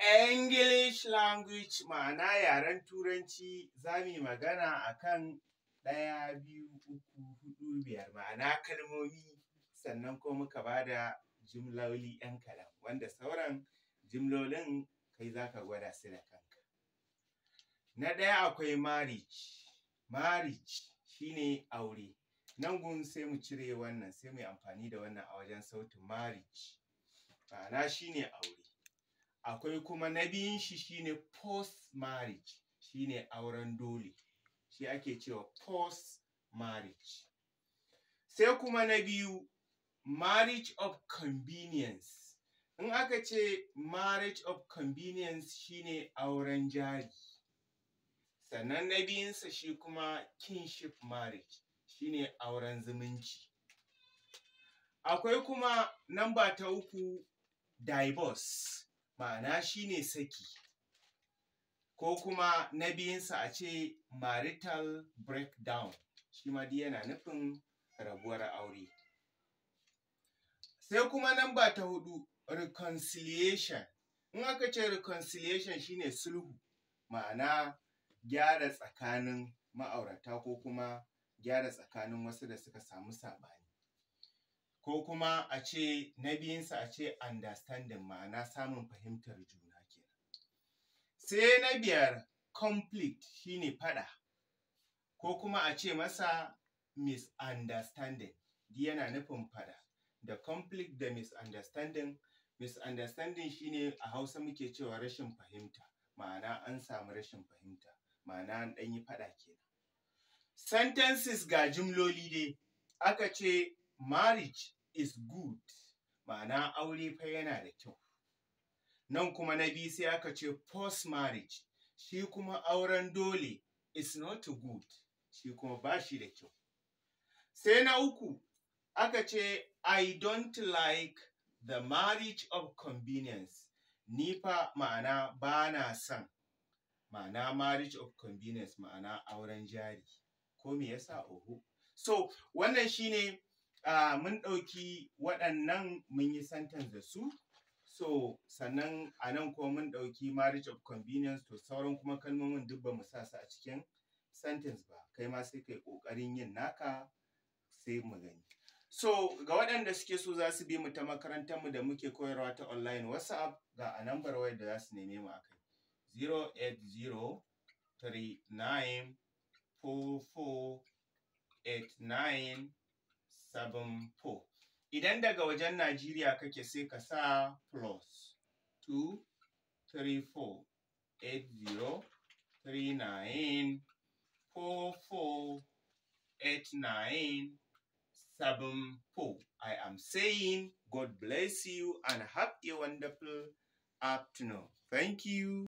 English language ma'ana yaren turanci za mu yi magana akan ɗaya biyu uku huɗu biyar ma'ana kalmomi sannan kuma muka ba da jimloli ‘yan kalam, wanda sauran jimlolin kai za ka gwada su da kanka. Na ɗaya akwai marriage, marriage shine aure nan gun sai mu cire wannan sai mu yi amfani da wannan a wajen sautin marriage ma'ana shine aure. akwai kuma na biyun shi shine post marriage shine auren dole shi ake cewa post marriage sai kuma na biyu marriage of convenience in aka ce marriage of convenience shine auren jari sannan na biyunsa shi kuma kinship marriage shine auren zumunci akwai kuma namba ta uku divorce ma'ana shi ne saki ko kuma na biyunsa a ce marital breakdown shi ma di yana nufin rabuwar aure sai kuma nan ba ta hudu reconciliation in aka ce reconciliation shi ne sulhu ma'ana gyara tsakanin ma'aurata ko kuma gyara tsakanin wasu da suka samu saɓani ko kuma a ce na biyunsa a ce understanding ma'ana samun fahimtar juna kenan sai na biyar conflict shine fada ko kuma a ce masa misunderstanding di yana nufin fada da conflict da misunderstanding misunderstanding shine a hausa muke cewa rashin fahimta ma'ana an samu rashin fahimta ma'ana an ɗan fada kenan sentences ga jimloli dai aka ce marriage is good ma'ana aure fa yana da kyau nan kuma na biyu sai aka ce post marriage shi kuma auren dole is not good shi kuma ba shi da kyau sai na uku aka ce i don't like the marriage of convenience ni fa ma'ana ba na son ma'ana marriage of convenience ma'ana auren jari ko me yasa oho so wannan shine mun ɗauki waɗannan mun yi sentence da su so sannan a nan kuma mun ɗauki marriage of convenience to sauran kuma kalmomin duk ba mu sa su a cikin sentence ba kai ma sai kai ƙoƙarin yin naka sai mu gani so ga waɗanda suke so za su bi mu ta makarantar mu da muke koyarwa ta online whatsapp ga a nambar wayar da za su neme mu akai 4489. seven four idan daga wajen Najeriya kake sai ka sa plus two three four eight zero three nine four four eight nine seven four I am saying God bless you and have a wonderful afternoon thank you